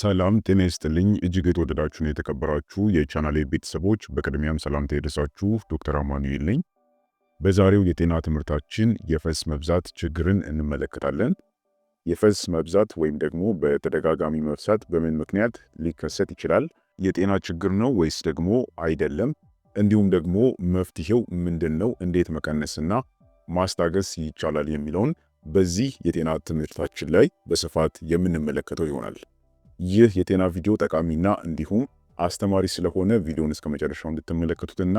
ሰላም ጤና ይስጥልኝ እጅግ የተወደዳችሁን የተከበራችሁ የቻናሌ ቤተሰቦች በቅድሚያም ሰላም ይድረሳችሁ። ዶክተር አማኑኤል ነኝ። በዛሬው የጤና ትምህርታችን የፈስ መብዛት ችግርን እንመለከታለን። የፈስ መብዛት ወይም ደግሞ በተደጋጋሚ መብሳት በምን ምክንያት ሊከሰት ይችላል? የጤና ችግር ነው ወይስ ደግሞ አይደለም? እንዲሁም ደግሞ መፍትሄው ምንድን ነው? እንዴት መቀነስና ማስታገስ ይቻላል? የሚለውን በዚህ የጤና ትምህርታችን ላይ በስፋት የምንመለከተው ይሆናል። ይህ የጤና ቪዲዮ ጠቃሚና እንዲሁም አስተማሪ ስለሆነ ቪዲዮን እስከ መጨረሻው እንድትመለከቱትና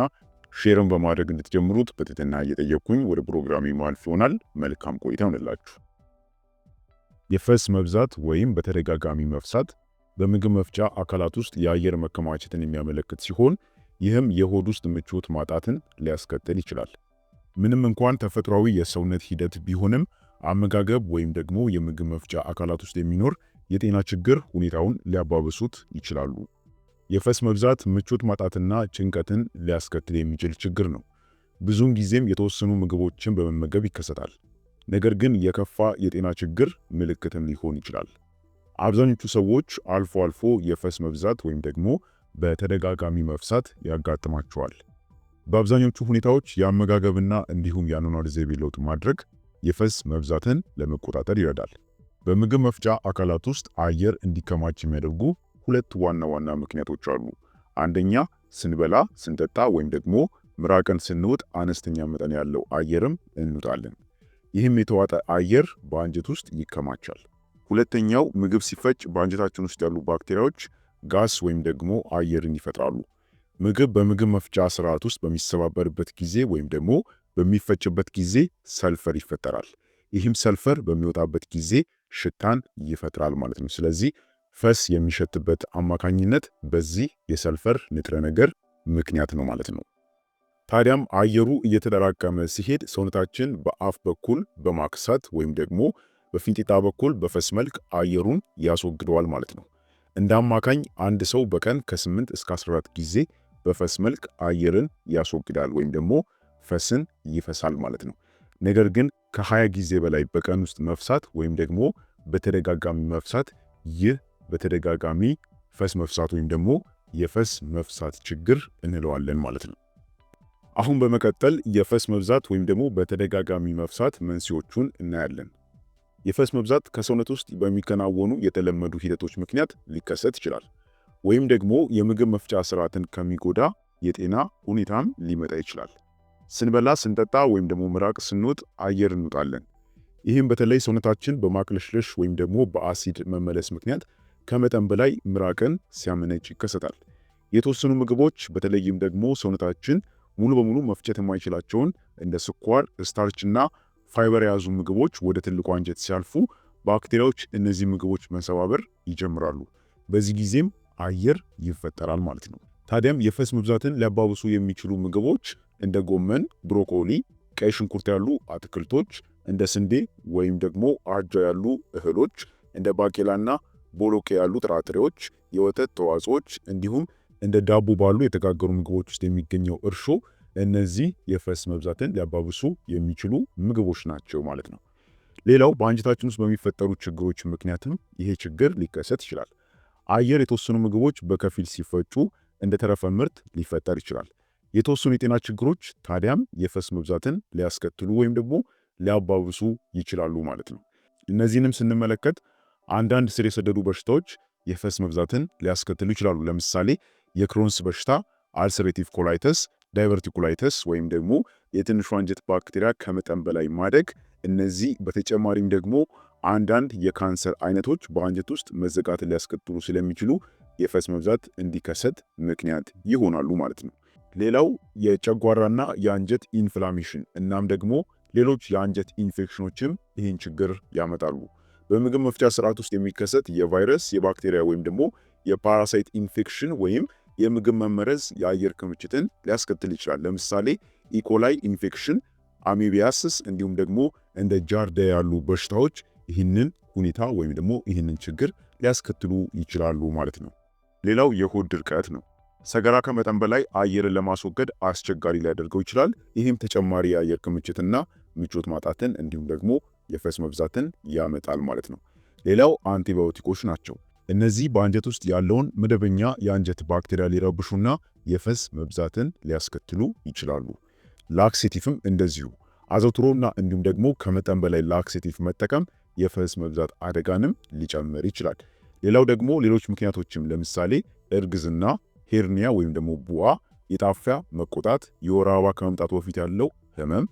ሼርን በማድረግ እንድትጀምሩት በትህትና እየጠየቅኩኝ ወደ ፕሮግራሚ ማልፍ ይሆናል። መልካም ቆይታ ይሆንላችሁ። የፈስ መብዛት ወይም በተደጋጋሚ መፍሳት በምግብ መፍጫ አካላት ውስጥ የአየር መከማቸትን የሚያመለክት ሲሆን ይህም የሆድ ውስጥ ምቾት ማጣትን ሊያስከትል ይችላል። ምንም እንኳን ተፈጥሯዊ የሰውነት ሂደት ቢሆንም አመጋገብ ወይም ደግሞ የምግብ መፍጫ አካላት ውስጥ የሚኖር የጤና ችግር ሁኔታውን ሊያባብሱት ይችላሉ። የፈስ መብዛት ምቾት ማጣትና ጭንቀትን ሊያስከትል የሚችል ችግር ነው። ብዙውን ጊዜም የተወሰኑ ምግቦችን በመመገብ ይከሰታል። ነገር ግን የከፋ የጤና ችግር ምልክትም ሊሆን ይችላል። አብዛኞቹ ሰዎች አልፎ አልፎ የፈስ መብዛት ወይም ደግሞ በተደጋጋሚ መፍሳት ያጋጥማቸዋል። በአብዛኞቹ ሁኔታዎች የአመጋገብና እንዲሁም የአኗኗር ዘይቤ ለውጥ ማድረግ የፈስ መብዛትን ለመቆጣጠር ይረዳል። በምግብ መፍጫ አካላት ውስጥ አየር እንዲከማች የሚያደርጉ ሁለት ዋና ዋና ምክንያቶች አሉ። አንደኛ ስንበላ፣ ስንጠጣ ወይም ደግሞ ምራቀን ስንውጥ አነስተኛ መጠን ያለው አየርም እንውጣለን። ይህም የተዋጠ አየር በአንጀት ውስጥ ይከማቻል። ሁለተኛው ምግብ ሲፈጭ በአንጀታችን ውስጥ ያሉ ባክቴሪያዎች ጋስ ወይም ደግሞ አየርን ይፈጥራሉ። ምግብ በምግብ መፍጫ ስርዓት ውስጥ በሚሰባበርበት ጊዜ ወይም ደግሞ በሚፈጭበት ጊዜ ሰልፈር ይፈጠራል። ይህም ሰልፈር በሚወጣበት ጊዜ ሽታን ይፈጥራል ማለት ነው። ስለዚህ ፈስ የሚሸትበት አማካኝነት በዚህ የሰልፈር ንጥረ ነገር ምክንያት ነው ማለት ነው። ታዲያም አየሩ እየተጠራቀመ ሲሄድ ሰውነታችን በአፍ በኩል በማክሳት ወይም ደግሞ በፊንጢጣ በኩል በፈስ መልክ አየሩን ያስወግደዋል ማለት ነው። እንደ አማካኝ አንድ ሰው በቀን ከ8 እስከ 14 ጊዜ በፈስ መልክ አየርን ያስወግዳል ወይም ደግሞ ፈስን ይፈሳል ማለት ነው። ነገር ግን ከ20 ጊዜ በላይ በቀን ውስጥ መፍሳት ወይም ደግሞ በተደጋጋሚ መፍሳት ይህ በተደጋጋሚ ፈስ መፍሳት ወይም ደግሞ የፈስ መፍሳት ችግር እንለዋለን ማለት ነው። አሁን በመቀጠል የፈስ መብዛት ወይም ደግሞ በተደጋጋሚ መፍሳት መንስኤዎቹን እናያለን። የፈስ መብዛት ከሰውነት ውስጥ በሚከናወኑ የተለመዱ ሂደቶች ምክንያት ሊከሰት ይችላል ወይም ደግሞ የምግብ መፍጫ ስርዓትን ከሚጎዳ የጤና ሁኔታም ሊመጣ ይችላል። ስንበላ፣ ስንጠጣ ወይም ደግሞ ምራቅ ስንወጥ አየር እንውጣለን። ይህም በተለይ ሰውነታችን በማቅለሽለሽ ወይም ደግሞ በአሲድ መመለስ ምክንያት ከመጠን በላይ ምራቅን ሲያመነጭ ይከሰታል። የተወሰኑ ምግቦች በተለይም ደግሞ ሰውነታችን ሙሉ በሙሉ መፍጨት የማይችላቸውን እንደ ስኳር፣ ስታርችና ፋይበር የያዙ ምግቦች ወደ ትልቁ አንጀት ሲያልፉ ባክቴሪያዎች እነዚህ ምግቦች መሰባበር ይጀምራሉ። በዚህ ጊዜም አየር ይፈጠራል ማለት ነው። ታዲያም የፈስ መብዛትን ሊያባብሱ የሚችሉ ምግቦች እንደ ጎመን፣ ብሮኮሊ፣ ቀይ ሽንኩርት ያሉ አትክልቶች፣ እንደ ስንዴ ወይም ደግሞ አጃ ያሉ እህሎች፣ እንደ ባቄላና ቦሎቄ ያሉ ጥራጥሬዎች፣ የወተት ተዋጽኦች እንዲሁም እንደ ዳቦ ባሉ የተጋገሩ ምግቦች ውስጥ የሚገኘው እርሾ እነዚህ የፈስ መብዛትን ሊያባብሱ የሚችሉ ምግቦች ናቸው ማለት ነው። ሌላው በአንጀታችን ውስጥ በሚፈጠሩ ችግሮች ምክንያትም ይሄ ችግር ሊከሰት ይችላል። አየር የተወሰኑ ምግቦች በከፊል ሲፈጩ እንደ ተረፈ ምርት ሊፈጠር ይችላል። የተወሰኑ የጤና ችግሮች ታዲያም የፈስ መብዛትን ሊያስከትሉ ወይም ደግሞ ሊያባብሱ ይችላሉ ማለት ነው። እነዚህንም ስንመለከት አንዳንድ ስር የሰደዱ በሽታዎች የፈስ መብዛትን ሊያስከትሉ ይችላሉ። ለምሳሌ የክሮንስ በሽታ፣ አልሰሬቲቭ ኮላይተስ፣ ዳይቨርቲኩላይተስ ወይም ደግሞ የትንሹ አንጀት ባክቴሪያ ከመጠን በላይ ማደግ። እነዚህ በተጨማሪም ደግሞ አንዳንድ የካንሰር አይነቶች በአንጀት ውስጥ መዘጋትን ሊያስከትሉ ስለሚችሉ የፈስ መብዛት እንዲከሰት ምክንያት ይሆናሉ ማለት ነው። ሌላው የጨጓራና የአንጀት ኢንፍላሜሽን እናም ደግሞ ሌሎች የአንጀት ኢንፌክሽኖችም ይህን ችግር ያመጣሉ። በምግብ መፍጫ ስርዓት ውስጥ የሚከሰት የቫይረስ የባክቴሪያ ወይም ደግሞ የፓራሳይት ኢንፌክሽን ወይም የምግብ መመረዝ የአየር ክምችትን ሊያስከትል ይችላል። ለምሳሌ ኢኮላይ ኢንፌክሽን፣ አሜቢያስስ እንዲሁም ደግሞ እንደ ጃርዳ ያሉ በሽታዎች ይህንን ሁኔታ ወይም ደግሞ ይህንን ችግር ሊያስከትሉ ይችላሉ ማለት ነው። ሌላው የሆድ ድርቀት ነው። ሰገራ ከመጠን በላይ አየርን ለማስወገድ አስቸጋሪ ሊያደርገው ይችላል። ይህም ተጨማሪ የአየር ክምችትና ምቾት ማጣትን እንዲሁም ደግሞ የፈስ መብዛትን ያመጣል ማለት ነው። ሌላው አንቲባዮቲኮች ናቸው። እነዚህ በአንጀት ውስጥ ያለውን መደበኛ የአንጀት ባክቴሪያ ሊረብሹና የፈስ መብዛትን ሊያስከትሉ ይችላሉ። ላክሴቲፍም እንደዚሁ አዘውትሮና እንዲሁም ደግሞ ከመጠን በላይ ላክሴቲቭ መጠቀም የፈስ መብዛት አደጋንም ሊጨምር ይችላል። ሌላው ደግሞ ሌሎች ምክንያቶችም ለምሳሌ እርግዝና፣ ሄርኒያ ወይም ደግሞ ቡዋ፣ የጣፊያ መቆጣት፣ የወር አበባ ከመምጣቱ በፊት ያለው ህመም፣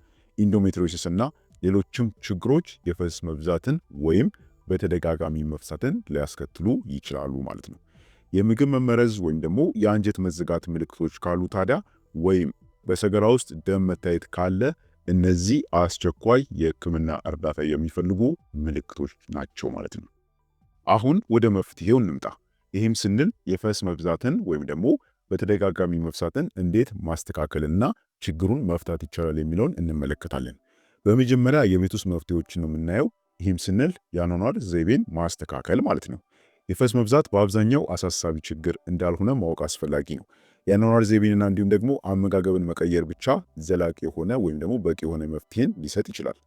ኢንዶሜትሪዮሲስ እና ሌሎችም ችግሮች የፈስ መብዛትን ወይም በተደጋጋሚ መፍሳትን ሊያስከትሉ ይችላሉ ማለት ነው። የምግብ መመረዝ ወይም ደግሞ የአንጀት መዘጋት ምልክቶች ካሉ ታዲያ ወይም በሰገራ ውስጥ ደም መታየት ካለ እነዚህ አስቸኳይ የህክምና እርዳታ የሚፈልጉ ምልክቶች ናቸው ማለት ነው። አሁን ወደ መፍትሄው እንምጣ። ይህም ስንል የፈስ መብዛትን ወይም ደግሞ በተደጋጋሚ መብሳትን እንዴት ማስተካከልና ችግሩን መፍታት ይቻላል የሚለውን እንመለከታለን። በመጀመሪያ የቤት ውስጥ መፍትሄዎችን ነው የምናየው። ይህም ስንል የአኗኗር ዘይቤን ማስተካከል ማለት ነው። የፈስ መብዛት በአብዛኛው አሳሳቢ ችግር እንዳልሆነ ማወቅ አስፈላጊ ነው። የአኗኗር ዘይቤንና እንዲሁም ደግሞ አመጋገብን መቀየር ብቻ ዘላቂ የሆነ ወይም ደግሞ በቂ የሆነ መፍትሄን ሊሰጥ ይችላል።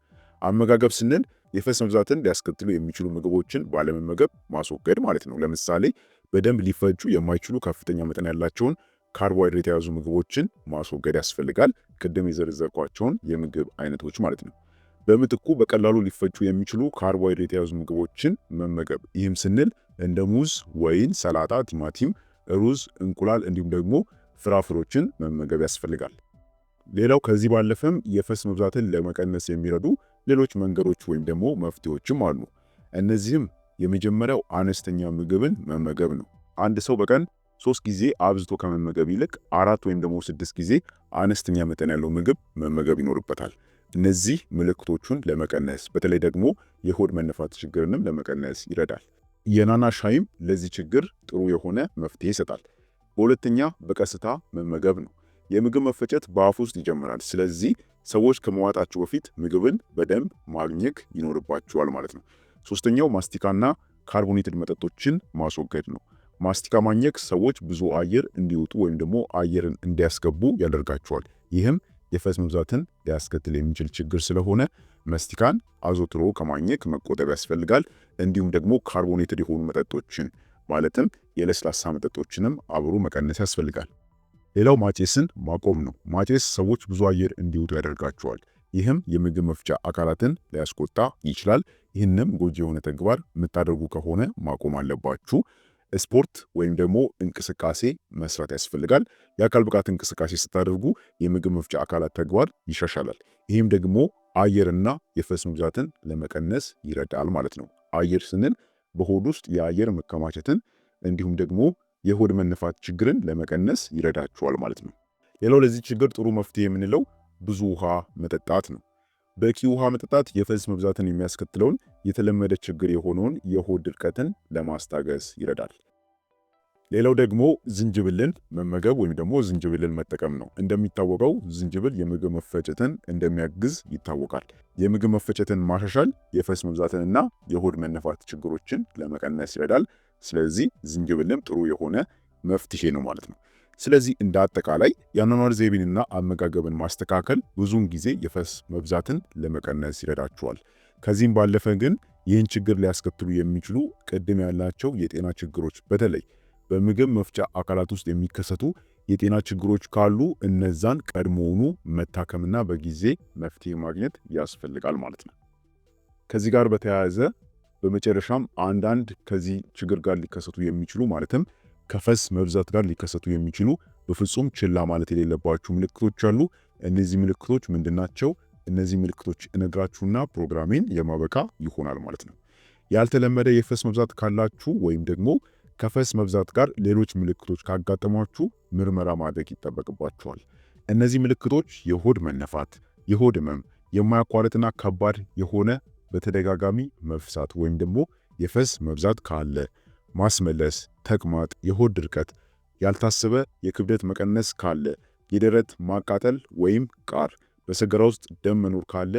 አመጋገብ ስንል የፈስ መብዛትን ሊያስከትሉ የሚችሉ ምግቦችን ባለመመገብ ማስወገድ ማለት ነው። ለምሳሌ በደንብ ሊፈጩ የማይችሉ ከፍተኛ መጠን ያላቸውን ካርቦሃይድሬት የያዙ ምግቦችን ማስወገድ ያስፈልጋል። ቅድም የዘረዘርኳቸውን የምግብ አይነቶች ማለት ነው። በምትኩ በቀላሉ ሊፈጩ የሚችሉ ካርቦሃይድሬት የያዙ ምግቦችን መመገብ። ይህም ስንል እንደ ሙዝ፣ ወይን፣ ሰላጣ፣ ቲማቲም፣ ሩዝ፣ እንቁላል እንዲሁም ደግሞ ፍራፍሮችን መመገብ ያስፈልጋል። ሌላው ከዚህ ባለፈም የፈስ መብዛትን ለመቀነስ የሚረዱ ሌሎች መንገዶች ወይም ደግሞ መፍትሄዎችም አሉ። እነዚህም የመጀመሪያው አነስተኛ ምግብን መመገብ ነው። አንድ ሰው በቀን ሶስት ጊዜ አብዝቶ ከመመገብ ይልቅ አራት ወይም ደግሞ ስድስት ጊዜ አነስተኛ መጠን ያለው ምግብ መመገብ ይኖርበታል። እነዚህ ምልክቶቹን ለመቀነስ በተለይ ደግሞ የሆድ መነፋት ችግርንም ለመቀነስ ይረዳል። የናና ሻይም ለዚህ ችግር ጥሩ የሆነ መፍትሄ ይሰጣል። በሁለተኛ በቀስታ መመገብ ነው። የምግብ መፈጨት በአፍ ውስጥ ይጀምራል። ስለዚህ ሰዎች ከመዋጣቸው በፊት ምግብን በደንብ ማግኘት ይኖርባቸዋል ማለት ነው። ሶስተኛው ማስቲካና ካርቦኔትድ መጠጦችን ማስወገድ ነው። ማስቲካ ማኘክ ሰዎች ብዙ አየር እንዲወጡ ወይም ደግሞ አየርን እንዲያስገቡ ያደርጋቸዋል። ይህም የፈስ መብዛትን ሊያስከትል የሚችል ችግር ስለሆነ ማስቲካን አዘውትሮ ከማኘክ መቆጠብ ያስፈልጋል። እንዲሁም ደግሞ ካርቦኔትድ የሆኑ መጠጦችን ማለትም የለስላሳ መጠጦችንም አብሮ መቀነስ ያስፈልጋል። ሌላው ማጨስን ማቆም ነው። ማጨስ ሰዎች ብዙ አየር እንዲወጡ ያደርጋቸዋል። ይህም የምግብ መፍጫ አካላትን ሊያስቆጣ ይችላል። ይህንም ጎጂ የሆነ ተግባር የምታደርጉ ከሆነ ማቆም አለባችሁ። ስፖርት ወይም ደግሞ እንቅስቃሴ መስራት ያስፈልጋል። የአካል ብቃት እንቅስቃሴ ስታደርጉ የምግብ መፍጫ አካላት ተግባር ይሻሻላል። ይህም ደግሞ አየርና የፈስ መብዛትን ለመቀነስ ይረዳል ማለት ነው። አየር ስንል በሆድ ውስጥ የአየር መከማቸትን እንዲሁም ደግሞ የሆድ መነፋት ችግርን ለመቀነስ ይረዳችኋል ማለት ነው። ሌላው ለዚህ ችግር ጥሩ መፍትሄ የምንለው ብዙ ውሃ መጠጣት ነው። በቂ ውሃ መጠጣት የፈስ መብዛትን የሚያስከትለውን የተለመደ ችግር የሆነውን የሆድ ድርቀትን ለማስታገስ ይረዳል። ሌላው ደግሞ ዝንጅብልን መመገብ ወይም ደግሞ ዝንጅብልን መጠቀም ነው። እንደሚታወቀው ዝንጅብል የምግብ መፈጨትን እንደሚያግዝ ይታወቃል። የምግብ መፈጨትን ማሻሻል የፈስ መብዛትንና የሆድ መነፋት ችግሮችን ለመቀነስ ይረዳል። ስለዚህ ዝንጅብልም ጥሩ የሆነ መፍትሄ ነው ማለት ነው። ስለዚህ እንደ አጠቃላይ የአኗኗር ዘይቤንና አመጋገብን ማስተካከል ብዙውን ጊዜ የፈስ መብዛትን ለመቀነስ ይረዳችኋል። ከዚህም ባለፈ ግን ይህን ችግር ሊያስከትሉ የሚችሉ ቅድም ያላቸው የጤና ችግሮች በተለይ በምግብ መፍጫ አካላት ውስጥ የሚከሰቱ የጤና ችግሮች ካሉ እነዛን ቀድሞውኑ መታከምና በጊዜ መፍትሄ ማግኘት ያስፈልጋል ማለት ነው። ከዚህ ጋር በተያያዘ በመጨረሻም አንዳንድ ከዚህ ችግር ጋር ሊከሰቱ የሚችሉ ማለትም ከፈስ መብዛት ጋር ሊከሰቱ የሚችሉ በፍጹም ችላ ማለት የሌለባችሁ ምልክቶች አሉ። እነዚህ ምልክቶች ምንድን ናቸው? እነዚህ ምልክቶች እነግራችሁና ፕሮግራሜን የማበቃ ይሆናል ማለት ነው። ያልተለመደ የፈስ መብዛት ካላችሁ ወይም ደግሞ ከፈስ መብዛት ጋር ሌሎች ምልክቶች ካጋጠሟችሁ ምርመራ ማድረግ ይጠበቅባችኋል። እነዚህ ምልክቶች የሆድ መነፋት፣ የሆድ ህመም፣ የማያቋርጥና ከባድ የሆነ በተደጋጋሚ መፍሳት ወይም ደግሞ የፈስ መብዛት ካለ፣ ማስመለስ፣ ተቅማጥ፣ የሆድ ድርቀት፣ ያልታሰበ የክብደት መቀነስ ካለ፣ የደረት ማቃጠል ወይም ቃር፣ በሰገራ ውስጥ ደም መኖር ካለ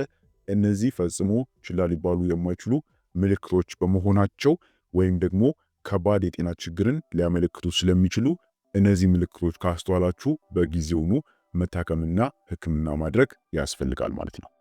እነዚህ ፈጽሞ ችላ ሊባሉ የማይችሉ ምልክቶች በመሆናቸው ወይም ደግሞ ከባድ የጤና ችግርን ሊያመለክቱ ስለሚችሉ እነዚህ ምልክቶች ካስተዋላችሁ በጊዜውኑ መታከምና ሕክምና ማድረግ ያስፈልጋል ማለት ነው።